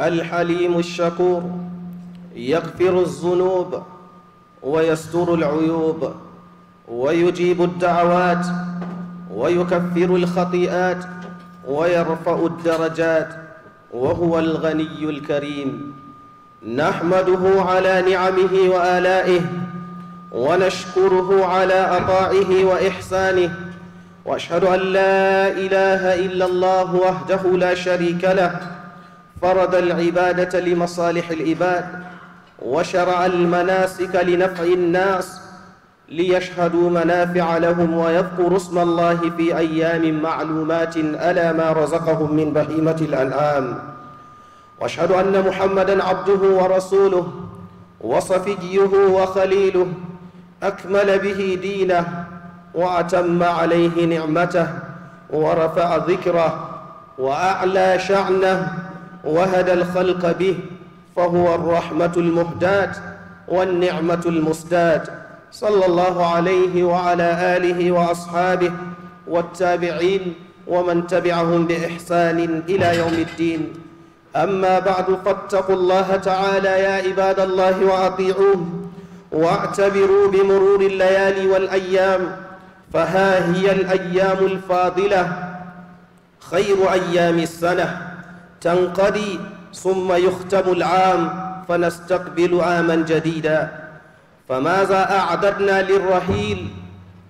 الحليم الشكور يغفر الذنوب ويستر العيوب ويجيب الدعوات ويكفر الخطيئات ويرفع الدرجات وهو الغني الكريم نحمده على نعمه وآلائه ونشكره على أطاعه وإحسانه وأشهد أن لا إله إلا الله وحده لا شريك له فرض العبادة لمصالح العباد وشرع المناسك لنفع الناس ليشهدوا منافع لهم ويذكروا اسم الله في أيام معلومات ألا ما رزقهم من بهيمة الأنعام واشهد أن محمدًا عبده ورسوله وصفيه وخليله أكمل به دينه وأتم عليه نعمته ورفع ذكره وأعلى شعنه وهدى الخلق به فهو الرحمة المهداة والنعمة المسداة صلى الله عليه وعلى آله وأصحابه والتابعين ومن تبعهم بإحسان إلى يوم الدين أما بعد فاتقوا الله تعالى يا عباد الله وأطيعوه واعتبروا بمرور الليالي والأيام فها هي الأيام الفاضلة خير أيام السنة تنقضي ثم يختم العام فنستقبل عاما جديدا فماذا أعددنا للرحيل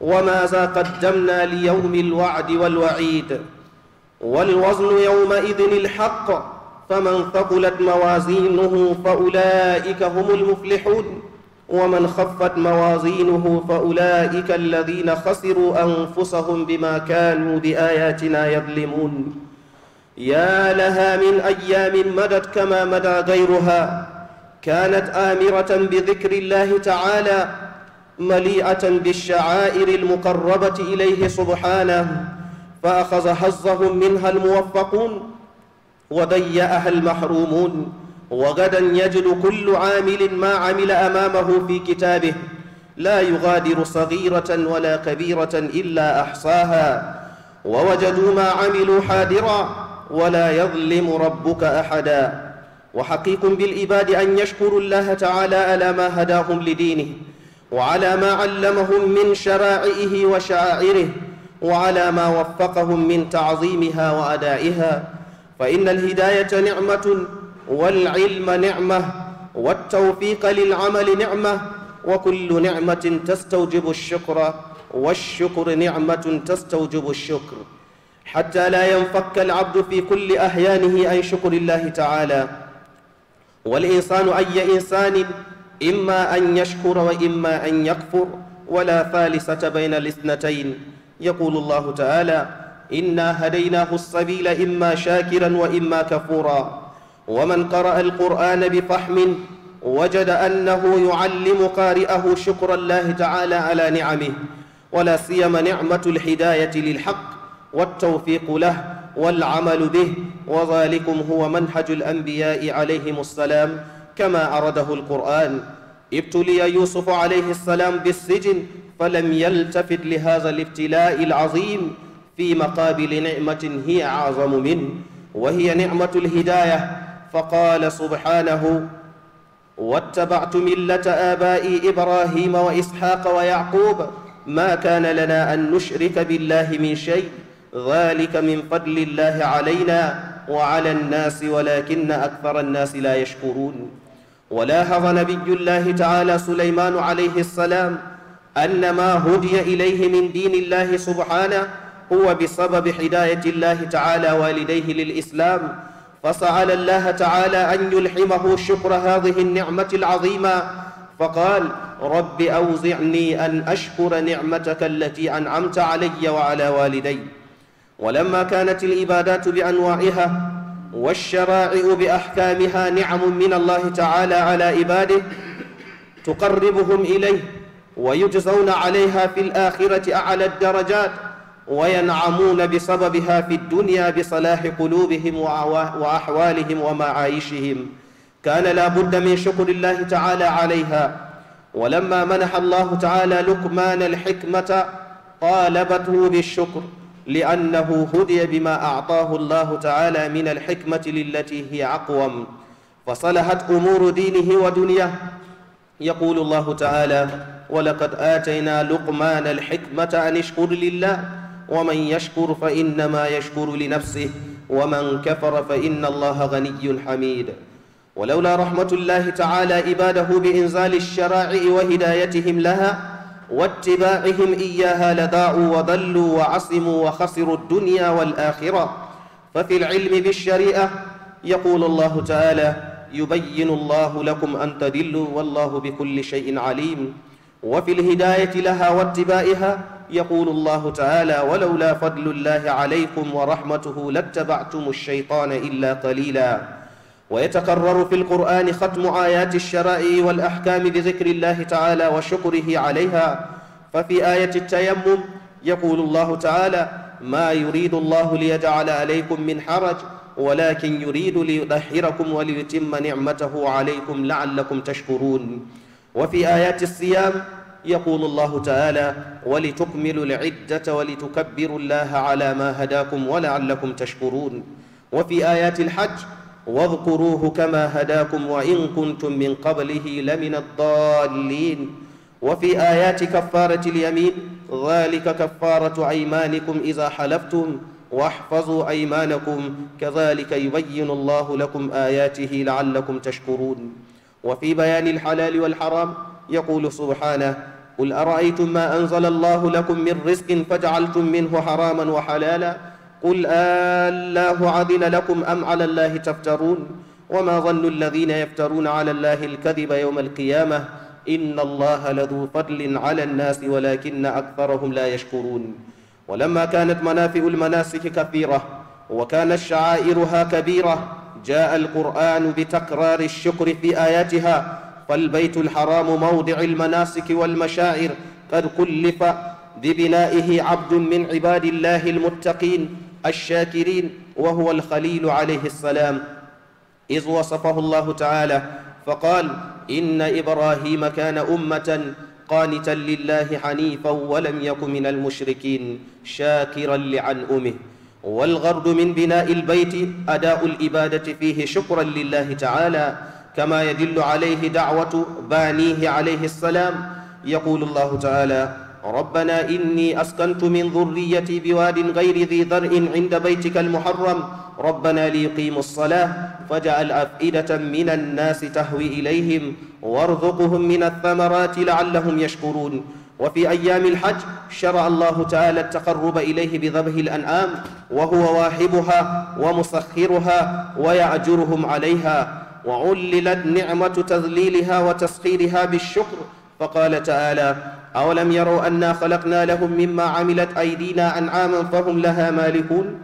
وماذا قدمنا ليوم الوعد والوعيد والوزن يومئذ الحق فمن ثقلت موازينه فأولئك هم المفلحون ومن خفت موازينه فأولئك الذين خسروا أنفسهم بما كانوا بآياتنا يظلمون يا لها من أيام مدت كما مدى غيرها كانت آمرة بذكر الله تعالى مليئة بالشعائر المقربة إليه سبحانه فأخذ حظهم منها الموفقون وضيأها المحرومون وغدا يجد كل عامل ما عمل أمامه في كتابه لا يغادر صغيرة ولا كبيرة إلا أحصاها ووجدوا ما عملوا حاضرًا ولا يظلم ربك احدا وحقيق بالعباد ان يشكروا الله تعالى على ما هداهم لدينه وعلى ما علمهم من شرائعه وشعائره وعلى ما وفقهم من تعظيمها وادائها فان الهدايه نعمه والعلم نعمه والتوفيق للعمل نعمه وكل نعمه تستوجب الشكر والشكر نعمه تستوجب الشكر حتى لا ينفك العبد في كل أحيانه عن شكر الله تعالى والإنسان أي إنسان إما أن يشكر وإما أن يكفر ولا فالسة بين الاثنتين يقول الله تعالى إنا هديناه السبيل إما شاكرا وإما كفورا ومن قرأ القرآن بفحم وجد أنه يعلم قارئه شكر الله تعالى على نعمه ولا سيما نعمة الهداية للحق والتوفيق له والعمل به وذلكم هو منهج الأنبياء عليهم السلام كما أرده القرآن ابتلي يوسف عليه السلام بالسجن فلم يلتفت لهذا الابتلاء العظيم في مقابل نعمة هي أعظم منه وهي نعمة الهداية فقال سبحانه واتبعت ملة آبائي إبراهيم وإسحاق ويعقوب ما كان لنا أن نشرك بالله من شيء ذلك من فضل الله علينا وعلى الناس ولكن أكثر الناس لا يشكرون ولاحظ نبي الله تعالى سليمان عليه السلام أن ما هدي إليه من دين الله سبحانه هو بسبب هداية الله تعالى والديه للإسلام فسأل الله تعالى أن يلحمه شكر هذه النعمة العظيمة فقال رب أوزعني أن أشكر نعمتك التي أنعمت علي وعلى والدي ولما كانت العبادات بانواعها والشرائع باحكامها نعم من الله تعالى على عباده تقربهم اليه ويجزون عليها في الاخره اعلى الدرجات وينعمون بسببها في الدنيا بصلاح قلوبهم واحوالهم ومعايشهم كان لا بد من شكر الله تعالى عليها ولما منح الله تعالى لقمان الحكمه طالبته بالشكر لأنه هدي بما أعطاه الله تعالى من الحكمة للتي هي أقوم فصلحت أمور دينه ودنياه يقول الله تعالى ولقد آتينا لقمان الحكمة أن اشكر لله ومن يشكر فإنما يشكر لنفسه ومن كفر فإن الله غني حميد ولولا رحمة الله تعالى إباده بإنزال الشرائع وهدايتهم لها واتباعهم إياها لذاعوا وضلوا وعصموا وخسروا الدنيا والآخرة ففي العلم بالشريعة يقول الله تعالى يبين الله لكم أن تدلوا والله بكل شيء عليم وفي الهداية لها واتباعها يقول الله تعالى ولولا فضل الله عليكم ورحمته لاتبعتم الشيطان إلا قليلاً ويتكرر في القرآن ختم آيات الشرائع والأحكام بذكر الله تعالى وشكره عليها ففي آية التيمم يقول الله تعالى ما يريد الله ليجعل عليكم من حرج ولكن يريد ليطهركم وليتم نعمته عليكم لعلكم تشكرون وفي آيات الصيام يقول الله تعالى ولتكملوا العدة ولتكبروا الله على ما هداكم ولعلكم تشكرون وفي آيات الحج واذكروه كما هداكم وإن كنتم من قبله لمن الضالين وفي آيات كفارة اليمين ذلك كفارة أيمانكم إذا حلفتم واحفظوا أيمانكم كذلك يبين الله لكم آياته لعلكم تشكرون وفي بيان الحلال والحرام يقول سبحانه قل أرأيتم ما أنزل الله لكم من رزق فجعلتم منه حراما وحلالا قل الله عدل لكم أم على الله تفترون وما ظن الذين يفترون على الله الكذب يوم القيامة إن الله لذو فضل على الناس ولكن أكثرهم لا يشكرون ولما كانت منافئ المناسك كثيرة وكانت شعائرها كبيرة جاء القرآن بتكرار الشكر في آياتها فالبيت الحرام موضع المناسك والمشاعر قد كلف ببنائه عبد من عباد الله المتقين الشاكرين وهو الخليل عليه السلام إذ وصفه الله تعالى فقال إن إبراهيم كان أمةً قانتا لله حنيفا ولم يك من المشركين شاكرا لعنؤمه والغرض من بناء البيت أداء الإبادة فيه شكرا لله تعالى كما يدل عليه دعوة بانيه عليه السلام يقول الله تعالى ربنا إني أسكنت من ذريتي بواد غير ذي ذرء عند بيتك المحرم ربنا ليقيموا الصلاة فاجعل أفئدة من الناس تهوي إليهم وارزقهم من الثمرات لعلهم يشكرون وفي أيام الحج شرع الله تعالى التقرب إليه بذبح الأنعام وهو واحبها ومسخرها ويعجرهم عليها وعللت نعمة تذليلها وتسخيرها بالشكر فقال تعالى أولم يروا أنا خلقنا لهم مما عملت أيدينا أنعاما فهم لها مالكون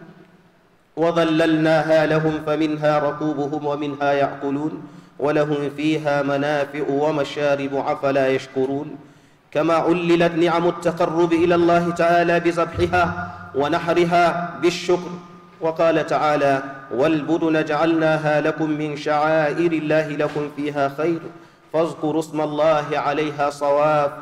وظللناها لهم فمنها ركوبهم ومنها يعقلون ولهم فيها منافع ومشارب أفلا يشكرون كما عللت نعم التقرب إلى الله تعالى بذبحها ونحرها بالشكر وقال تعالى والبدن جعلناها لكم من شعائر الله لكم فيها خير فاذكروا اسم الله عليها صواب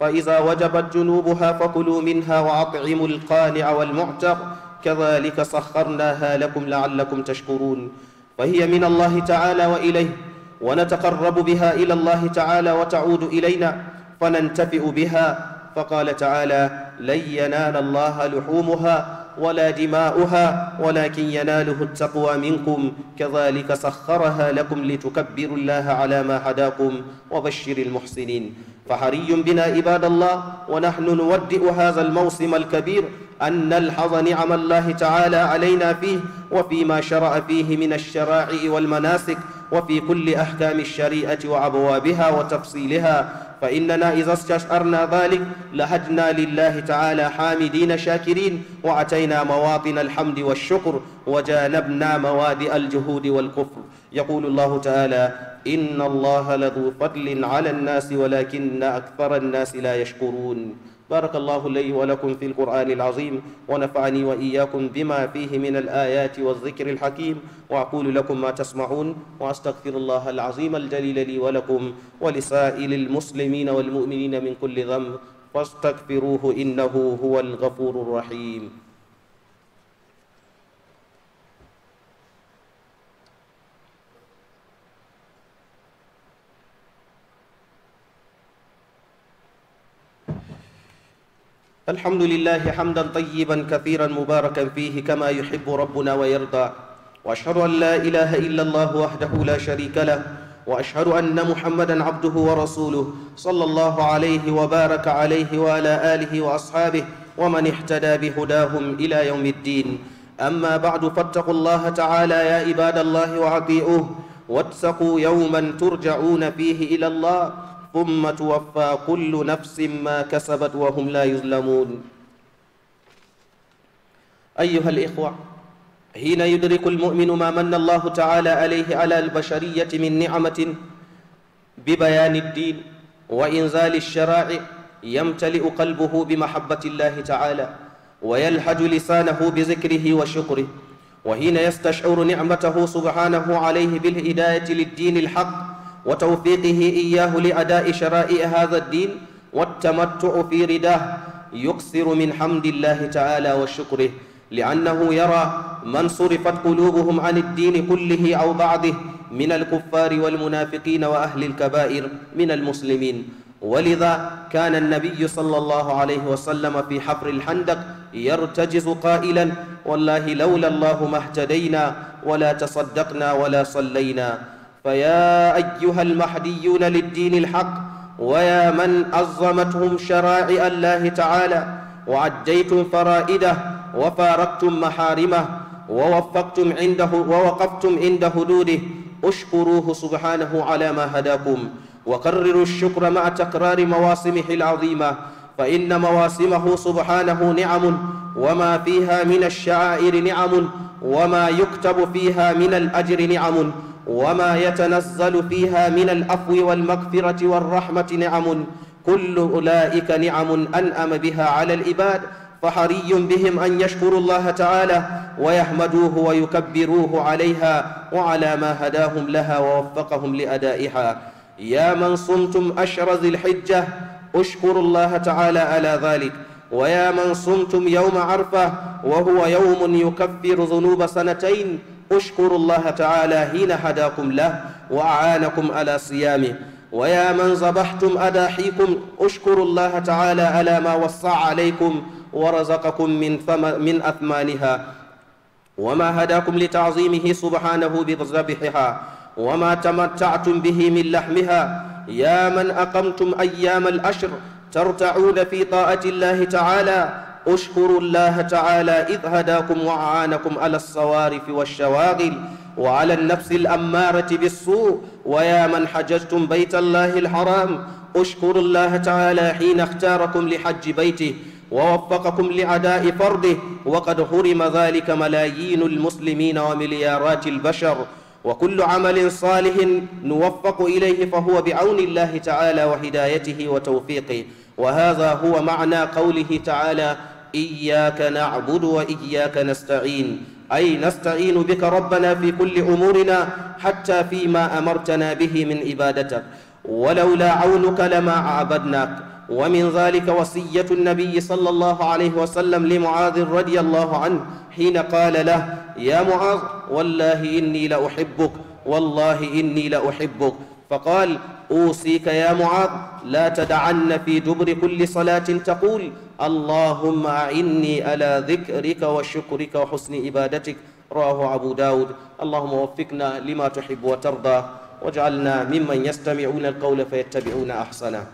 فإذا وجبت جنوبها فكلوا منها وأطعموا القانع والمعتق كذلك سخرناها لكم لعلكم تشكرون فهي من الله تعالى وإليه ونتقرب بها إلى الله تعالى وتعود إلينا فننتفئ بها فقال تعالى لن ينال الله لحومها ولا دماؤها ولكن يناله التقوى منكم كذلك سخرها لكم لتكبروا الله على ما هداكم وبشر المحسنين فحري بنا عباد الله ونحن نودئ هذا الموسم الكبير أن نلحظ نعم الله تعالى علينا فيه وفيما شرع فيه من الشرائع والمناسك وفي كل أحكام الشريعة وأبوابها وتفصيلها فإننا إذا استشعرنا ذلك لهجنا لله تعالى حامدين شاكرين وأتينا مواطن الحمد والشكر وجانبنا موادئ الجهود والكفر يقول الله تعالى إن الله لذو فضل على الناس ولكن أكثر الناس لا يشكرون بارك الله لي ولكم في القرآن العظيم ونفعني وإياكم بما فيه من الآيات والذكر الحكيم وأقول لكم ما تسمعون وأستغفر الله العظيم الجليل لي ولكم ولسائر المسلمين والمؤمنين من كل ذنب فاستغفروه إنه هو الغفور الرحيم الحمد لله حمدا طيبا كثيرا مباركا فيه كما يحب ربنا ويرضى واشهد ان لا اله الا الله وحده لا شريك له واشهد ان محمدا عبده ورسوله صلى الله عليه وبارك عليه وعلى اله واصحابه ومن اهتدى بهداهم الى يوم الدين اما بعد فاتقوا الله تعالى يا عباد الله واطيعوه واتقوا يوما ترجعون فيه الى الله ثم توفى كل نفس ما كسبت وهم لا يظلمون أيها الإخوة حين يدرك المؤمن ما من الله تعالى عليه على البشرية من نعمة ببيان الدين وإنزال الشرائع يمتلئ قلبه بمحبة الله تعالى ويلحج لسانه بذكره وشكره وحين يستشعر نعمته سبحانه عليه بالهداية للدين الحق وتوفيقه إياه لأداء شرائع هذا الدين والتمتع في رداه يقصر من حمد الله تعالى وشكره لأنه يرى من صرفت قلوبهم عن الدين كله أو بعضه من الكفار والمنافقين وأهل الكبائر من المسلمين ولذا كان النبي صلى الله عليه وسلم في حفر الحندق يرتجز قائلا والله لولا الله ما اهتدينا ولا تصدقنا ولا صلينا فيا أيها المحديون للدين الحق ويا من عظمتهم شرائع الله تعالى وعديتم فرائده وفارقتم محارمه ووفقتم عنده ووقفتم عند حدوده اشكروه سبحانه على ما هداكم وكرروا الشكر مع تكرار مواسمه العظيمه فان مواسمه سبحانه نعم وما فيها من الشعائر نعم وما يكتب فيها من الاجر نعم وما يتنزل فيها من العفو والمغفرة والرحمة نعم كل أولئك نعم أنأم بها على العباد فحري بهم أن يشكروا الله تعالى ويحمدوه ويكبروه عليها وعلى ما هداهم لها ووفقهم لأدائها يا من صمتم اشهر ذي الحجة اشكروا الله تعالى على ذلك ويا من صمتم يوم عرفة وهو يوم يكفر ذنوب سنتين اشكروا الله تعالى حين هداكم له وأعانكم على صيامه ويا من ذبحتم أداحيكم اشكروا الله تعالى على ما وصى عليكم ورزقكم من, ثم من أثمانها وما هداكم لتعظيمه سبحانه بذبحها وما تمتعتم به من لحمها يا من أقمتم أيام الأشر ترتعون في طاعة الله تعالى اشكروا الله تعالى إذ هداكم وعانكم على الصوارف والشواغل وعلى النفس الأمارة بالسوء ويا من حججتم بيت الله الحرام اشكروا الله تعالى حين اختاركم لحج بيته ووفقكم لعداء فرضه وقد حرم ذلك ملايين المسلمين ومليارات البشر وكل عمل صالح نوفق إليه فهو بعون الله تعالى وهدايته وتوفيقه وهذا هو معنى قوله تعالى إياك نعبد وإياك نستعين أي نستعين بك ربنا في كل أمورنا حتى فيما أمرتنا به من عبادتك ولولا عونك لما عبدناك ومن ذلك وصية النبي صلى الله عليه وسلم لمعاذ رضي الله عنه حين قال له يا معاذ والله إني لأحبك والله إني لأحبك فقال أوصيك يا معاذ لا تدعن في دبر كل صلاة تقول اللهم أعني على ذكرك وشكرك وحسن عبادتك رواه أبو داود اللهم وفقنا لما تحب وترضى واجعلنا ممن يستمعون القول فيتبعون أحسنه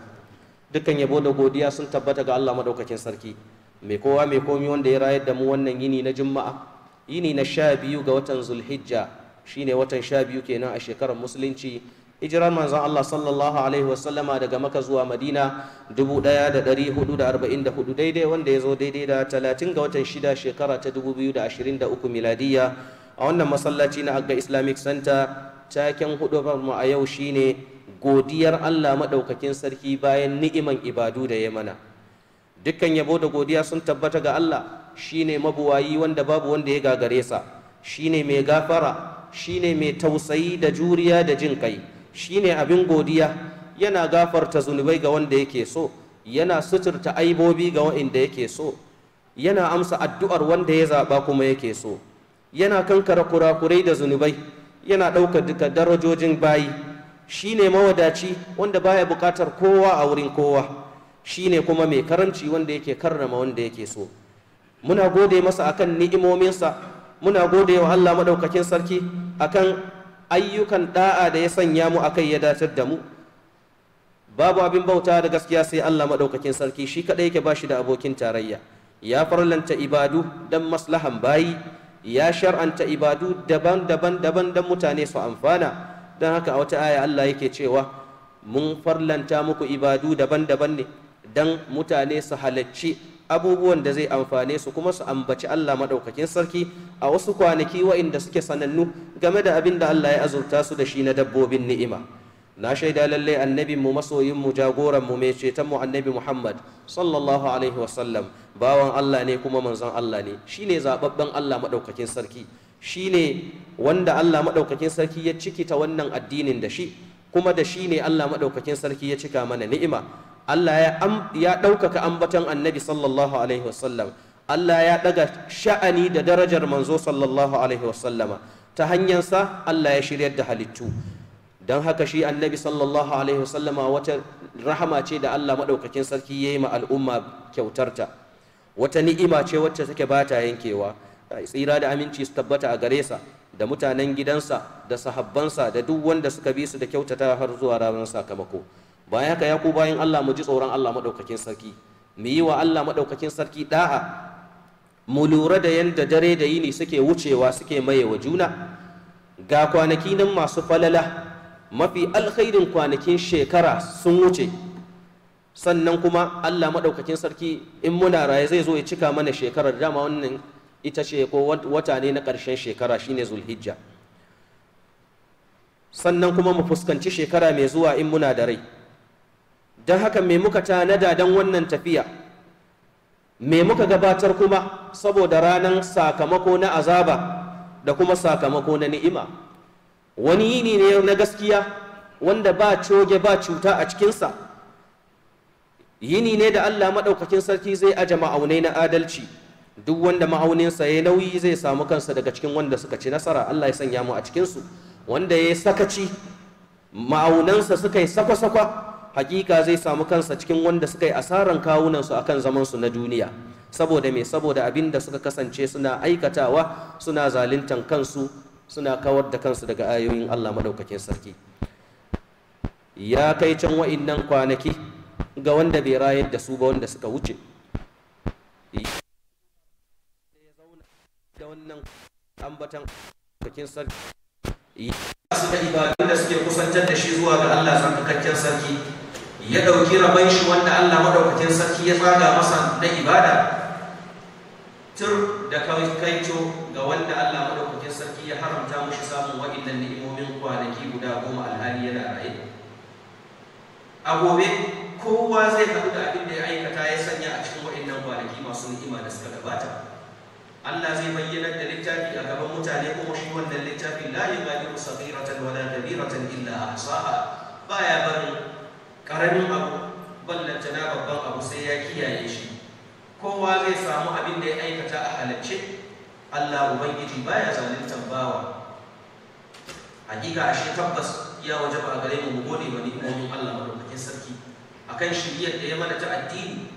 dukkan yabo da godiya sun tabbata ga Allah madaukakin sarki mai kowa mai komi wanda ya rayar da mu wannan yini na juma'a yini na sha biyu ga watan zulhijja shine watan sha biyu kenan a shekarar musulunci hijirar manzon Allah sallallahu alaihi wasallama daga maka zuwa madina 1444 daidai wanda ya zo daidai da talatin ga watan shida shekara ta 2023 miladiya a wannan masallaci na agga islamic center taken hudubar mu a yau shine godiyar Allah maɗaukakin sarki bayan ni'iman ibadu da ya mana dukkan yabo da godiya sun tabbata ga Allah shine mabuwayi wanda babu wanda ya gagare sa shine mai gafara shine mai tausayi da juriya da jin kai shine abin godiya yana gafarta zunubai ga wanda yake so yana suturta aibobi ga wanda yake so yana amsa addu'ar wanda ya zaɓa kuma yake so yana kankara kurakurai da zunubai yana ɗaukar duka darajojin bayi shine mawadaci wanda baya buƙatar kowa a wurin kowa shi ne kuma mai karanci wanda yake karrama wanda yake so muna gode masa akan ni'imominsa muna gode wa Allah maɗaukakin sarki akan ayyukan da'a da ya sanya mu akai ya datar da mu babu abin bauta da gaskiya sai Allah madaukakin sarki shi kadai yake bashi da abokin tarayya ya farlanta ibadu dan maslahan bayi ya shar'anta ibadu daban-daban daban dan mutane su amfana dan haka a wata aya Allah yake cewa mun farlanta muku ibadu daban-daban ne dan mutane su halacci. abubuwan da zai amfane su kuma su ambaci Allah maɗaukakin sarki a wasu kwanaki wa'inda suke sanannu game da abin da Allah ya azurta su da shi na dabbobin ni'ima na shaida lallai annabin mu jagoranmu mai cetonmu annabi Muhammad sallallahu alaihi wasallam bawan Allah ne kuma manzon Allah ne shine zababben Allah maɗaukakin sarki ne wanda Allah maɗaukakin sarki ya cikita wannan addinin da shi kuma da shi ne Allah maɗaukakin sarki ya cika mana ni'ima Allah ya ɗaukaka ambaton annabi sallallahu alaihi wasallam Allah ya ɗaga sha'ani da darajar manzo sallallahu alaihi wasallama ta hanyarsa Allah ya shiryar da halittu don haka shi annabi sallallahu alaihi wasallama wata rahama ce da Allah maɗaukakin sarki ya yi ma al'umma kyautarta wata ni'ima ce wacce take bata yankewa tsira da aminci su tabbata a gare sa da mutanen gidansa da sahabbansa da duk wanda suka bi su da kyautata har zuwa ranar sakamako bayan haka ya ku bayan Allah mu ji tsoron Allah madaukakin sarki mu yi wa Allah madaukakin sarki da'a mu lura da yadda dare da yini suke wucewa suke maye wa juna ga kwanaki nan masu falala mafi alkhairin kwanakin shekara sun wuce sannan kuma Allah maɗaukakin sarki in muna raye zai zo ya cika mana shekarar dama wannan ita ce ko wata ne na ƙarshen shekara shine zulhijja sannan kuma mu fuskanci shekara mai zuwa in muna da rai don haka me muka tanada don wannan tafiya me muka gabatar kuma saboda ranar sakamako na azaba da kuma sakamako na ni'ima wani yini ne na gaskiya wanda ba coge ba cuta a cikinsa yini ne da allah maɗaukakin sarki zai aje ma'aunai na adalci duk wanda ma'auninsa ya nauyi zai samu kansa daga cikin wanda suka ci nasara allah ya sanya mu a cikinsu wanda ya sakaci ma'aunansa suka yi sakwa-sakwa hakika zai samu kansa cikin wanda suka yi asaran kawunansu akan zamansu na duniya saboda me saboda abin da suka kasance suna aikatawa suna zaluntan kansu suna kawar da kansu daga ayoyin Allah madaukakin sarki ya kai can nan kwanaki ga wanda bai rayar da su ba wanda suka wuce su ibadun da suke kusantar da shi zuwa ga Allah tsarkakakken sarki ya ɗauki rabon shi wanda Allah maɗaukakin sarki ya tsaga masa na ibada tur da kaito ga wanda Allah maɗaukakin sarki ya haramta mushi samun waɗannan ni'imomin kwanaki guda goma alhali yana raye a gobe kowa zai haɗu da abin da ya aikata ya sanya a cikin waɗannan kwanaki masu ni'ima da suka gabata Allah zai bayyana da littafi a gaban mutane kuma shi wannan littafi la yughadiru saghiratan wala kabiratan illa Ba ya barin ƙaramin abu ballanta na babban abu sai ya kiyaye shi kowa zai samu abin da ya aikata a halacce Allah ubangiji baya zaluntar bawa hakika ashe tabbas ya ba a gare mu mu gode wa ni'imomin Allah madaukakin sarki akan shiriyar da ya mana ta addini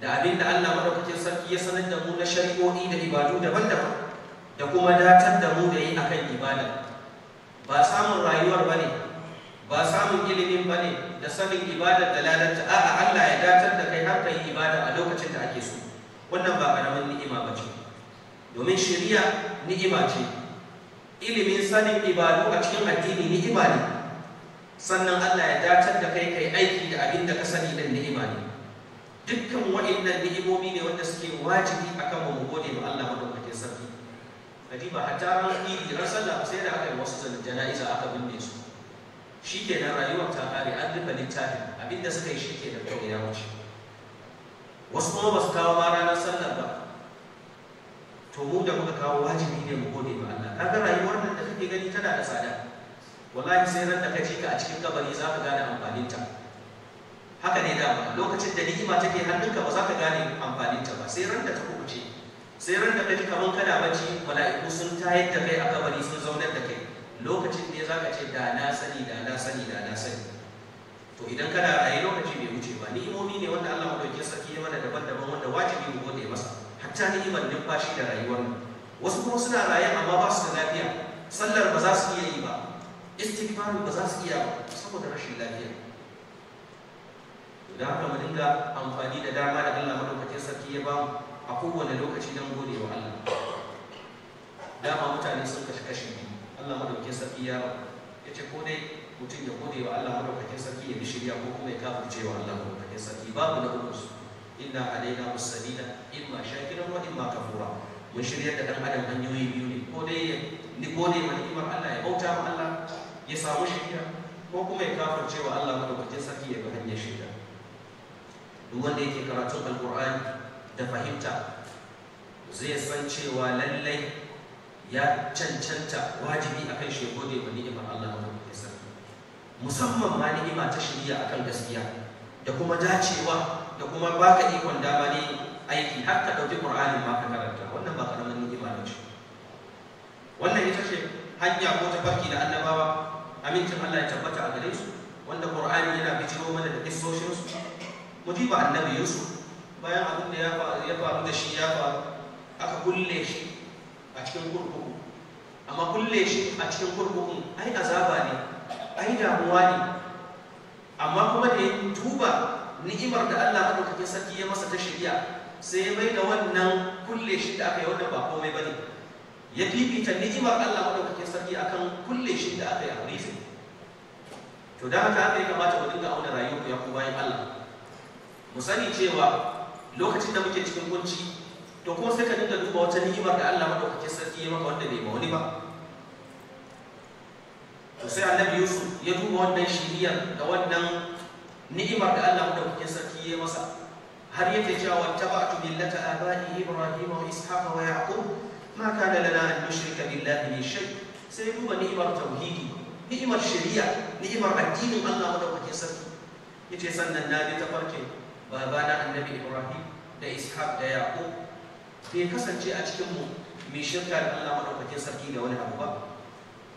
da abin da Allah madaukakin sarki ya sanar da mu na shari'o'i da ibadu daban-daban da kuma datar da mu da yi kan ibada ba samun rayuwar ba ne ba samun ilimin ba ne da sanin ibadar da lalata a'a Allah ya datar da kai har kai ibada a lokacin da ake so wannan ba karamin ni'ima ba ce domin shari'a ni'ima ce ilimin sanin ibadu a cikin addini ni'ima ne sannan Allah ya datar da ni'imomi ne wanda suke wajibi a akan mu gode wa Allah madaukakin sarki ba hatta ran idi ran sallah sai da aka yi wasu zanen jana'iza aka binne su shikenan rayuwar ta kare an rufe littafin abinda suka yi shikenan kawai ya wuce wasu kuma ba su kawo ma ranar sallah ba to mu da muka kawo wajibi ne mu gode wa Allah kaga rayuwar nan da kake gani tana da tsada wallahi sai ran da ka ji ka a cikin kabari za ka gane amfanin ta haka ne dama lokacin da ni'ima take hannunka ba za ka gane amfanin ta ba sai ran da ta kuce sai ran da kake kaman kana bacci mala'iku sun tayar da kai a kabari sun zaunar da kai lokacin ne za ka ce da na sani da na sani da na sani to idan kana raye lokaci bai wuce ba ni'imomi ne wanda Allah madaukakin sarki ya mana daban-daban wanda wajibi mu gode masa hatta ni'imar numfashi da rayuwar mu wasu kuma suna raye amma ba su da lafiya sallar ba za su iya yi ba istighfaru ba za su iya ba saboda rashin lafiya Da haka mu dinga amfani da dama da Allah madaukakin sarki ya ba bamu a kowane lokaci don gode wa Allah dama mutane sun kashe kashe kashi Allah madaukakin sarki ya ya ce ko dai mutum ya gode wa Allah madaukakin sarki ya bi shirya ko kuma ya kafirce wa Allah madaukakin sarki babu na uku su inna alaina musalina imma shakiran wa imma kafura mun shirya da dan adam hanyoyi biyu ne ko dai ya ni gode wa ni'imar Allah ya bauta wa Allah ya samu shirya ko kuma ya kafirce wa Allah madaukakin sarki ya bi hanyar shirya wanda yake karatun alkur'ani da fahimta zai san cewa lallai ya cancanta wajibi akan shi gode wa ni'imar Allah wa musamman ma ni'ima ta shirya akan gaskiya da kuma dacewa da kuma baka ikon dama ne aiki har ka ɗauki ƙur'anin ma ka karanta wannan ba ƙaramin ni'ima ne wannan ita ce hanya ko tafarki da annabawa amincin Allah ya tabbata a gare su wanda ƙur'ani yana bijiro mana da kissoshinsu mu annabi yusuf bayan abin da ya faru da shi ya faru aka kulle shi a cikin kurkuku amma kulle shi a cikin kurkuku, ai azaba ne ai damuwa ne amma kuma da ya tuba ni'imar da Allah ɗaukake sarki ya masa ta shirya sai ya bai da wannan kulle shi da aka yi wannan ba komai bane ya fifita ni'imar Allah ɗaukake sarki akan kulle shi da aka yi a to da haka haka ya kamata mu dinga auna rayuwar ya ku bayan Allah mu sani cewa lokacin da muke cikin kunci to kuma sai ka dinga duba wata ni'imar da Allah madaukakin sarki ya maka wanda bai ma wani ba to sai annabi Yusuf ya duba wannan shiriyar da wannan ni'imar da Allah madaukakin sarki ya masa har yake cewa wattaba'tu millata abahi ibrahim wa ishaqa wa yaqub ma kana lana an nushrika billahi min shay sai duba ni'imar tauhidi ni'imar shari'a ni'imar addinin Allah madaukakin sarki yace sannan na bi farke. babana annabi ibrahim da ishaq da yaqub bai kasance a cikin mu mai shirka da Allah madaukakin sarki da wani abu ba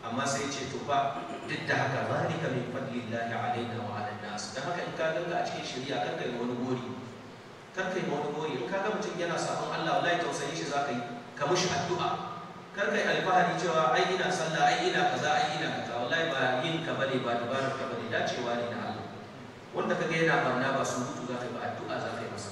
amma sai ce to ba duk da haka zalika min fadlillahi alaina wa ala nas dan haka in ka ganga a cikin shari'a kar kai wani gori kar kai wani gori in ka ga mutum yana sabon Allah wallahi tausayi shi zaka yi ka mushi addu'a kar kai alfahari cewa ai ina sallah ai ina kaza ai ina kaza wallahi ba yin ka bane ba dabarar ka bane dacewa ne na wanda kaga yana barna ba su za ka yi ba addu'a za ka yi masa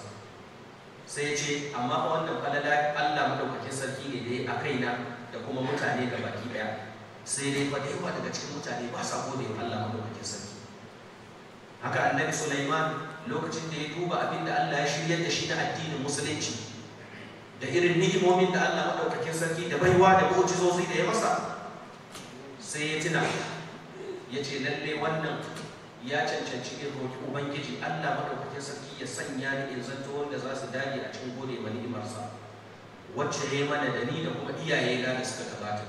sai ya ce amma ba wannan falala Allah madaukakin sarki ne da a kaina da kuma mutane ga baki daya sai dai fa da yawa daga cikin mutane ba sa gode wa Allah madaukakin sarki haka annabi Sulaiman lokacin da ya duba abin da Allah ya shiryar da shi na addinin musulunci da irin ni'imomin da Allah maɗaukakin sarki da baiwa da mu'jizozi da ya masa sai ya tuna ya ce lalle wannan ya cancanci in roƙi ubangiji allah maɗaukakin sarki ya sanya ni in zanto wanda za su dage a cikin gode ma ni'imarsa wacce ya yi mana da ni da kuma iyaye na da suka gabata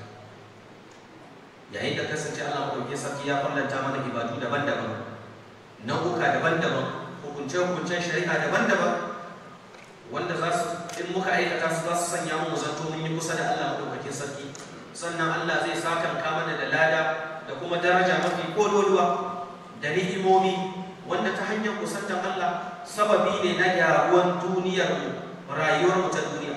yayin da kasance allah maɗaukakin sarki ya fallanta mana ibadu daban-daban nau'uka daban-daban hukunce-hukuncen shari'a daban-daban wanda za su in muka aikata su za su sanya mu zanto mun yi kusa da Allah maɗaukakin sarki sannan Allah zai sakan mana da lada da kuma daraja mafi ko kololuwa da ni'imomi wanda ta hanyar kusantar Allah sababi ne na gyaruwan duniyar mu rayuwar mu ta duniya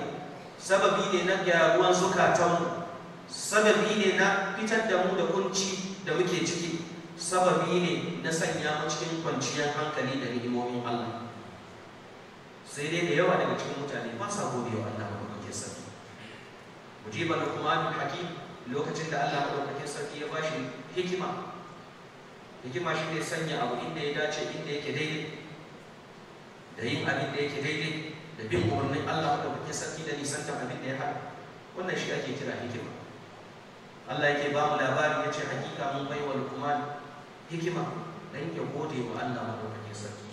sababi ne na gyaruwan zukatanmu sababi ne na fitar da mu da kunci da muke ciki sababi ne na sanya mu cikin kwanciyar hankali da ni'imomin Allah sai dai da yawa daga cikin mutane ba sa gobewa Allah ba kake sani mujiban kuma hakim lokacin da Allah madaukakin sarki ya bashi hikima hikima shi ne sanya abu inda ya dace inda yake daidai da yin abin da yake daidai da bin umarnin Allah da kuke sarki da nisantar abin da ya haɗa wannan shi ake kira hikima Allah yake ba mu labari ya ce hakika mun bai wa lukman hikima dan ya gode wa Allah madaukakin sarki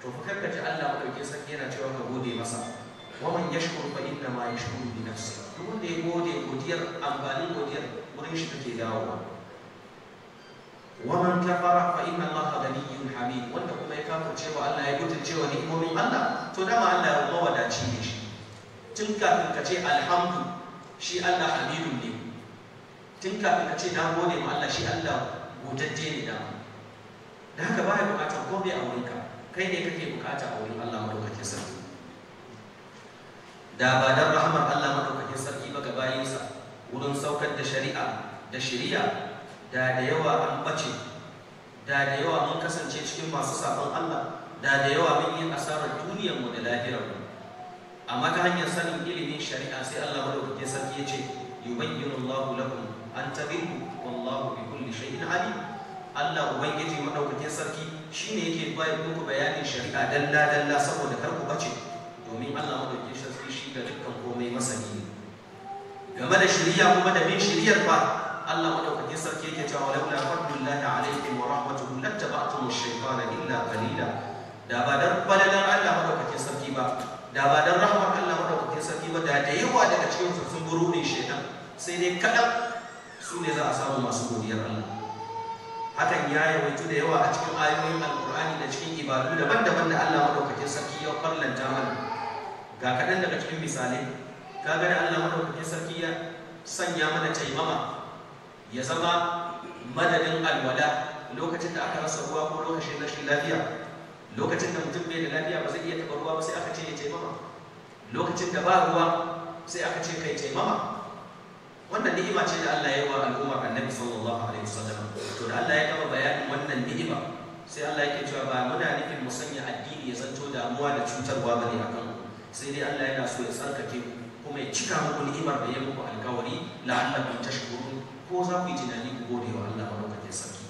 to fa karkace Allah madaukakin sarki yana cewa ka gode masa wa man yashkur fa inna ma yashkuru bi nafsihi duk wanda ya gode godiyar amfanin godiyar wurin shi take dawowa ومن كفر فإن الله غني حميد wanda kuma ya kafa cewa Allah ya ni wa ni'imomin Allah to dama Allah ya mawadaci ne shi tun kafin ka ce alhamdu shi Allah hamidun ne tun kafin ka ce na ne ma Allah shi Allah gutacce ne dama da haka baya bukatar komai a wurinka kai ne kake bukata a wurin Allah madaukakin sarki da ba dan rahmar Allah madaukakin sarki ba ga bayinsa wurin saukar da shari'a da shari'a da da yawa an ɓace da da yawa mun kasance cikin masu sabon Allah da da yawa mun yi asarar duniyarmu da lahirarmu amma ta hanyar sanin ilimin shari'a sai Allah madaukake sarki ya ce yubayyinu Allahu lakum an tabiru wallahu bi kulli shay'in alim Allah ubangiji madaukakin sarki shine yake bayar muku bayanin shari'a dalla dalla saboda kar ku bace domin Allah madaukakin sarki shi ga dukkan komai masani ne game da shari'a kuma da bin shari'ar fa Allah madaukakin sarki yake cewa laula fadlullahi alaikum wa rahmatuhu lattaba'tum ash-shaytana illa qalila da ba dan balalan Allah madaukakin sarki ba da ba dan rahmar Allah madaukakin sarki ba da da yawa daga cikin su sun buru ne shaytan sai dai kadan su ne za a samu masu godiyar Allah hakan ya yawaitu da yawa a cikin ayoyin alkur'ani da cikin ibadu daban-daban da Allah madaukakin sarki ya farlanta mana ga kaɗan daga cikin misalai ka gani Allah madaukakin sarki ya sanya mana taimama ya zama madadin alwada lokacin da aka rasa ruwa ko lokacin rashin lafiya lokacin da mutum bai da lafiya ba zai iya taɓa ruwa ba sai aka ce ya taimama lokacin da ba ruwa sai aka ce kai taimama wannan ni'ima ce da Allah ya yi wa al'ummar annabi sallallahu alaihi wasallam to da Allah ya kama bayanin wannan ni'ima sai Allah yake cewa ba muna nufin mu sanya addini ya zanto damuwa da cutarwa bane akan mu sai dai Allah yana so ya tsarkake ku kuma ya cika muku ni'imar da ya muku alkawari la'allakum tashkurun ko za ku yi tunani ku gode wa Allah madaukakin sarki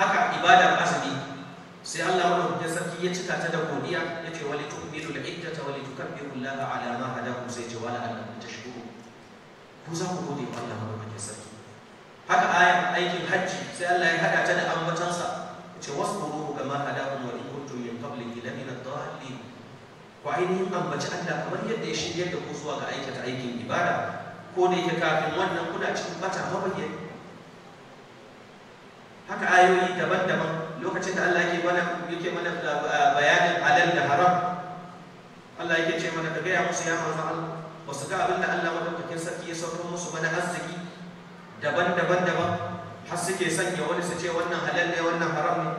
haka ibada azumi sai Allah madaukakin sarki ya cika ta da godiya ya ce wali tu'minu al-iddata wali tukabbiru Allah ala ma hadakum sai ce wala ta tashkuru ko za ku gode wa Allah madaukakin sarki haka ayar aikin hajji sai Allah ya hada ta da ambatansa ya ce wasu wasburu kama hadakum wa in kuntum min qablihi lamina ad-dallin ku ainihin ambaci Allah kamar yadda ya shirya da ku zuwa ga aikata aikin ibada ko da yake kafin wannan kuna cikin bata mabaye haka ayoyi daban-daban lokacin da Allah yake mana yake mana ah, ah, bayanin halal da haram Allah yake ce mana ka gaya musu ya manzo Allah ba su ga abin Allah madaukakin sarki ya sauko musu mana arziki daban-daban daban har suke sanya wani su ce wannan halal ne wannan haram ne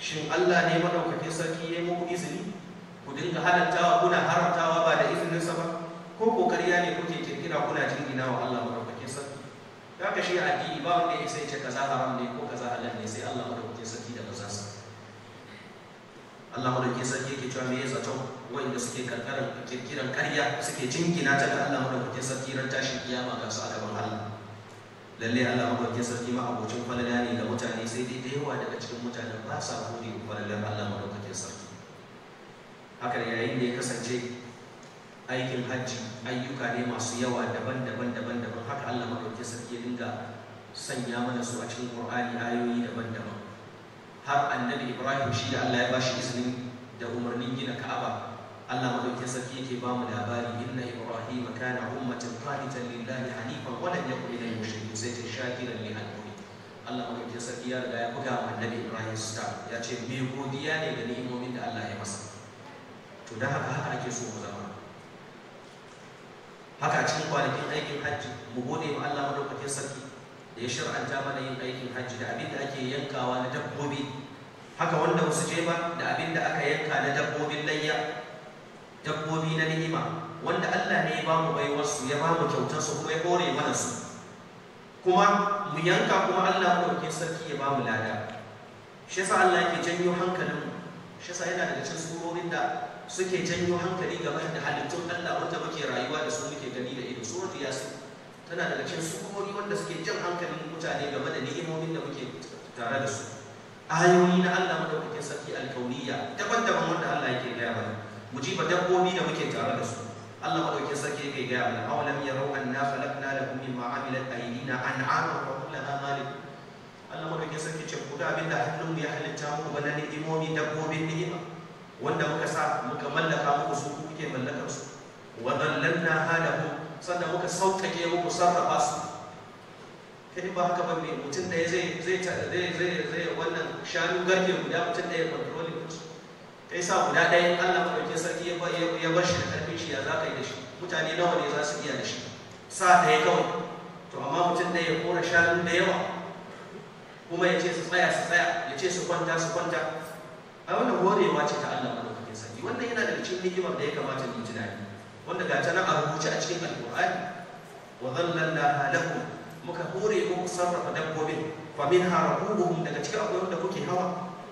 shin Allah ne madaukakin sarki ya yi muku izini ku dinga halaltawa kuna haramtawa ba da izininsa ba ko ya ne kuke kirkira kuna jingina wa Allah madaukakin sarki ya ka shi addini ba wanda ya sai ce kaza haram ne ko kaza halal ne sai Allah madaukakin sarki da sa. Allah madaukakin sarki yake cewa me ya zato wanda suke karkarar kirkiran karya suke jingina ta ga Allah madaukakin sarki ran tashi kiyama ga su a gaban Allah lalle Allah madaukakin sarki ma abocin falala ne ga mutane sai dai da yawa daga cikin mutane ba sa gode wa Allah Allah madaukakin sarki haka yayin da ya kasance aikin hajji ayyuka ne masu yawa daban-daban daban-daban haka Allah madauke sarki ya dinga sanya mana su a cikin Qur'ani ayoyi daban-daban har annabi Ibrahim shi da Allah ya bashi izinin da umarnin gina Ka'aba Allah madauke sarki yake ba mu labari inna Ibrahim kana ummatan qanitan lillahi hanifan wa lam yakun minal mushrikeen sai ta shakiran li Allah madauke sarki ya riga ya buga annabi Ibrahim star ya ce me godiya ne da ni'imomin da Allah ya masa to dan haka haka ake so mu zama haka cikin kwanakin aikin hajji mu gode ma Allah madaukakin sarki da ya shar'anta mana yin aikin hajji da abin da ake yankawa na dabbobi haka wanda ba su je ba da abin da aka yanka na dabbobin layya dabbobi na ni'ima wanda Allah ne ya ba mu baiwar su ya ba mu kyautar su kuma ya kore mana su kuma mu yanka kuma Allah madaukakin sarki ya ba mu lada shi yasa Allah yake janyo hankalin shi yasa yana daga cikin surorin da suke janyo hankali game da halittun Allah wanda muke rayuwa da su muke gani da ido surat yasin tana daga cikin surori wanda suke jan hankalin mutane game da ni'imomin da muke tare da su ayoyi na Allah madaukakin saki alkauniya daban-daban wanda Allah yake gaya mana mu ji dabbobi da muke tare da su Allah madaukakin sarki yake gaya mana awalam yarau anna khalaqna lahum mimma amilat aydina an'ama wa hum laha malik Allah madaukakin saki ce ku da abinda hannun ya halitta muku bana ni'imomi dabbobin ni'ima wanda muka sa muka mallaka muku su kuke mallakar su wa dallanna halakum sannan muka sauƙaƙe muku sarrafa su kai ba haka ba mutum da zai zai zai zai zai wannan shanu garke guda mutum ɗaya controlling din su kai sa guda ɗaya Allah madaukakin sarki ya ya bar shi da karfin shi ya zaka yi da shi mutane nawa ne za su iya da shi sa ɗaya kawai to amma mutum da ya kora shanu da yawa kuma ya ce su tsaya su tsaya ya ce su kwanta su kwanta ai wannan horewa ce ta Allah madaukakin sarki wannan yana daga cikin hikimar da ya kamata mu ji dadi wanda ga ta nan a rubuce a cikin alqur'ani wa dhallalna lakum muka hore muku sarrafa dabbobin fa minha rakubuhum daga cikin akwai wanda kuke hawa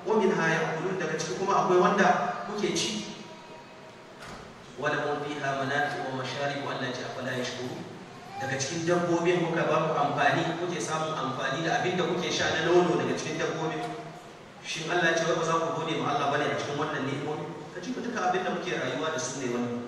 wa minha ya'kulun daga cikin kuma akwai wanda kuke ci wa lahum fiha manafi wa masharib Allah ya afala yashkuru daga cikin dabbobin muka ba ku amfani kuke samun amfani da abin da kuke sha na nono daga cikin dabbobin Shin Allah ce wai ba za ku gode ma Allah bane a cikin wannan ni'imomi ka ji duka abin da muke rayuwa da su ne wannan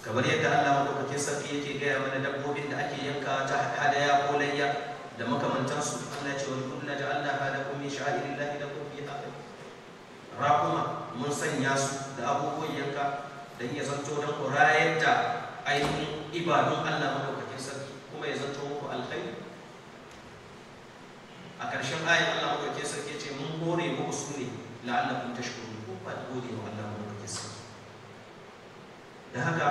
kamar yadda Allah madaukakin sarki yake gaya mana dabbobin da ake yanka ta da ya layya da makamantansu Allah ce wani kullu da Allah ha da kun min sha'irillah da kun fi haka mun sanya su da abubuwan yanka don ya zanto don ku da ibadun Allah madaukakin sarki kuma ya zanto a ƙarshen ayin Allah maɗauke sarki ya ce mun hore muku su ne la'allakum tashkurun ko ba da gode wa Allah maɗauke sarki da haka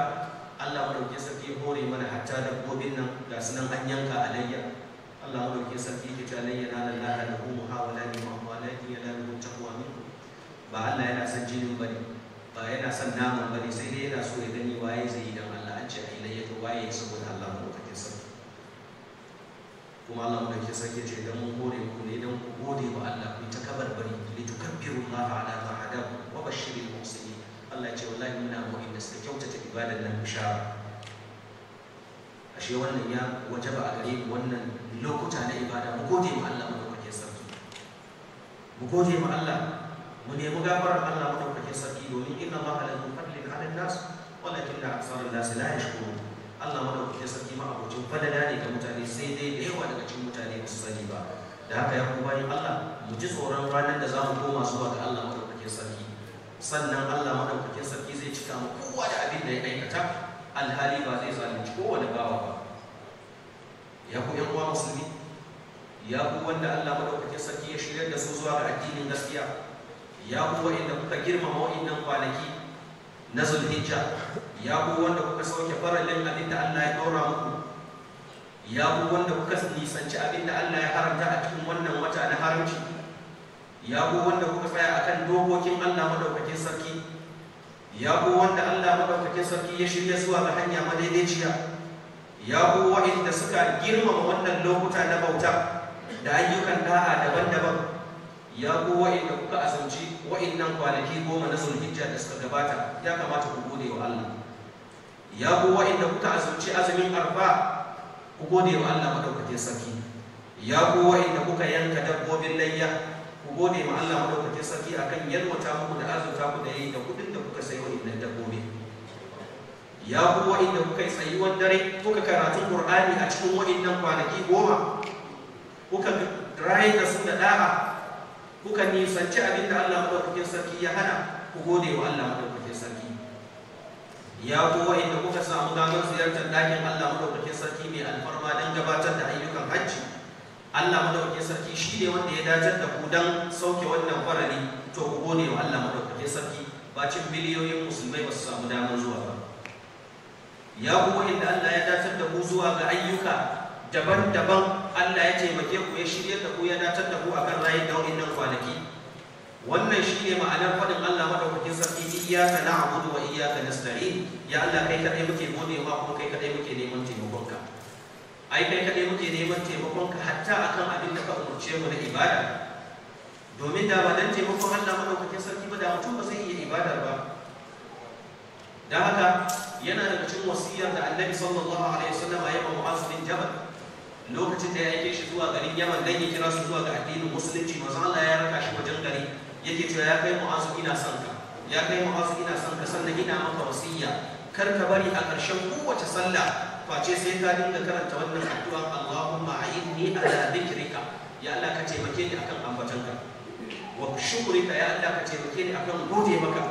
Allah maɗauke sarki ya hore mana hatta dabbobin nan ga su nan an yanka alayya Allah maɗauke sarki ya ta alayya na lallaha da hu muhawala ne ma'amalaki ya lalu taqwa minkum ba Allah yana son jinin bane ba yana son naman bane sai dai yana so ya gani waye zai yi dan Allah an ce alayya to waye saboda Allah kuma Allah mai ke sake ce idan mun hore muku ne idan ku gode wa Allah ku ta kabarbari li tukabbiru Allah ala ta adab wa bashiril muhsinin Allah ya ce wallahi muna mu inda suka kyautata ibadar nan bishara ashe wannan ya wajaba a gare mu wannan lokuta na ibada mu gode wa Allah madaukakin sarki mu gode wa Allah mu nemi gafarar Allah madaukakin sarki domin inna Allah la yufarli ala nas walakin aksarun nas la yashkurun Allah madaukakin sarki ma abokin fadala ne ga mutane sai dai da yawa daga cikin mutane ba su sani ba da haka ya kuma bayan Allah mu ji tsoron ranar da za mu koma zuwa ga Allah madaukakin sarki sannan Allah madaukakin sarki zai cika mu kowa da abin da ya aikata alhali ba zai zalunci kowane bawa ba ya ku yan uwa musulmi ya ku wanda Allah madaukakin sarki ya shirya da su zuwa ga addinin gaskiya ya ku wa'inda kuka girmama wa'innan kwanaki na zulhijja ya ku wanda kuka sauke farallin abin da Allah ya ɗora muku ya ku wanda kuka nisanci abin da Allah ya haramta a cikin wannan wata na haramci ya ku wanda kuka tsaya akan dokokin Allah madaukakin sarki ya ku wanda Allah madaukakin sarki ya shirya zuwa ga hanya madaidaiciya ya ku wa'inda suka girmama wannan lokuta na bauta da ayyukan da'a daban-daban ya ko wa'inda kuka asirci wa'innan kwanaki goma na zulhijja da suka gabata ya kamata ku gode wa Allah ya ko wa'inda kuka asirci azumin arfa ku gode wa Allah madaukakin sarki ya ko wa'inda kuka yanka dabbobin layya ku gode wa Allah madaukakin sarki akan yalwata muku da azurta ku da yayi da kudin da kuka sayi wa'innan dabbobi ya ko wa'inda kuka yi tsayuwar dare kuka karatun Qur'ani a cikin wa'innan kwanaki goma kuka rayu da su da da'a kuka nisanci abin da Allah madaukakin sarki ya hana ku gode wa Allah madaukakin sarki ya kuwa inda kuka samu damar ziyartar ɗakin Allah madaukakin sarki mai alfarma don gabatar da ayyukan hajji Allah madaukakin sarki shi ne wanda ya datar da ku don sauke wannan farari to ku gode wa Allah madaukakin sarki bacin miliyoyin musulmai ba su samu damar zuwa ba ya kuwa inda Allah ya datar da ku zuwa ga ayyuka daban-daban Allah ya taimake ku ya shirya da ku ya datar da ku a kan rayu da nan kwanaki wannan shine ma'anar faɗin Allah maɗaukakin sarki na na'budu wa na nasta'in ya Allah kai kadai muke ma kuma kai kadai muke neman taimakonka ai kai kadai muke neman taimakonka hatta akan abin da ka umarce mu na ibada domin da ba dan taimakon Allah maɗaukakin sarki ba da mutum ba zai iya ibadar ba da haka yana daga cikin wasiyar da Annabi sallallahu alaihi wasallam ya yi wa Mu'adh bin Jabal lokacin da ya aike shi zuwa garin yaman dan ya kira su zuwa ga addinin musulunci manzon Allah ya raka shi wajen gari yake cewa ya kai mu'azu ina son ka ya kai mu'azu ina son ka sannan ina maka wasiya kar ka bari a ƙarshen kowace sallah face sai ka dinga karanta wannan addu'a Allahumma a'inni ala dhikrika ya Allah ka taimake ni akan ambatanka wa shukrika ya Allah ka taimake ni akan gode maka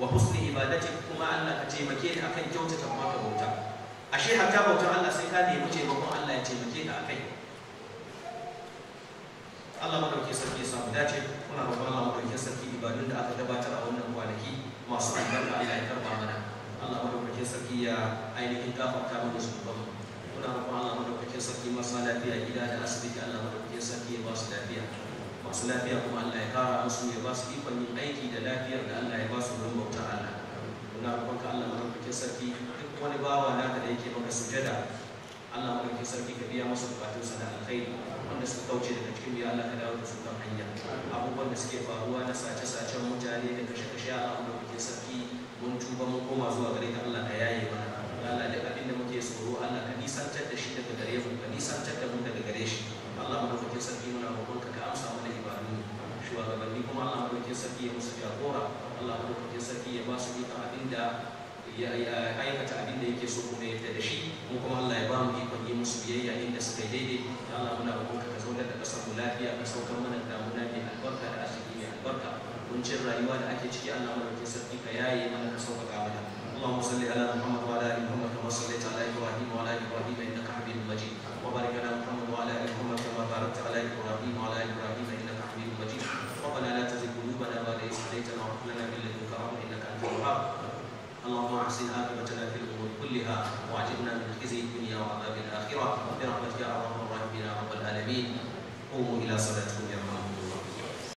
wa husni ibadatik kuma Allah ka taimake ni akan kyautata maka bauta ashe hatta bautar Allah sai ka nemi taimakon Allah ya taimake ka akai Allah madauke sarki ya samu dace muna roƙon Allah madauke sarki ibadun da aka gabatar a wannan kwanaki masu albarka Allah ya karba mana Allah ma madauke sarki ya ainihin gafarta mana su ba muna roƙon Allah madauke sarki masu lafiya gida da asibiti Allah ma madauke sarki ya ba su lafiya masu lafiya kuma Allah ya kara musu ya ba su ikon yin aiki da lafiyar da Allah ya ba su don bautar Allah muna roƙon ka Allah madauke sarki wani bawa naka da yake maka sujada Allah madaukakin sarki ka biya masa bukatunsa na alkhairi wanda suka kauce daga cikin biya Allah ka dawo da su kan hanya abubuwan da suke faruwa na sace-sacen mutane da kashe-kashe a madaukakin sarki mun tuba mun koma zuwa gare ka Allah ka yaye mana Allah duk abin da muke tsoro Allah ka nisantar da shi daga gare mu ka nisantar da mu daga gare shi Allah madaukakin sarki muna roƙon ka ka amsa mana ibadu shugabanni kuma Allah madaukakin sarki ya musu jagora Allah madaukakin sarki ya ba su ikon abin da ya aikata abin da yake so kuma ya da shi mu kuma Allah ya ba mu ikon yi musu biyayya inda suka yi daidai ya Allah muna roƙon ka zaunar da ƙasar mu lafiya ka saukar mana damuna mai albarka da arziki mai albarka kuncin rayuwa da ake ciki Allah mu roƙon sarki ka yaye mana ka sauƙaƙa mana اللهم صل على محمد وعلى ال محمد كما صليت على ابراهيم وعلى ال ابراهيم انك حميد مجيد وبارك على محمد وعلى ال محمد كما باركت على ابراهيم وعلى ال ابراهيم اللهم احسن عاقبتنا في الامور كلها واعجبنا من خزي الدنيا وعذاب الاخره برحمتك يا ارحم الراحمين يا رب العالمين قوموا الى صلاتكم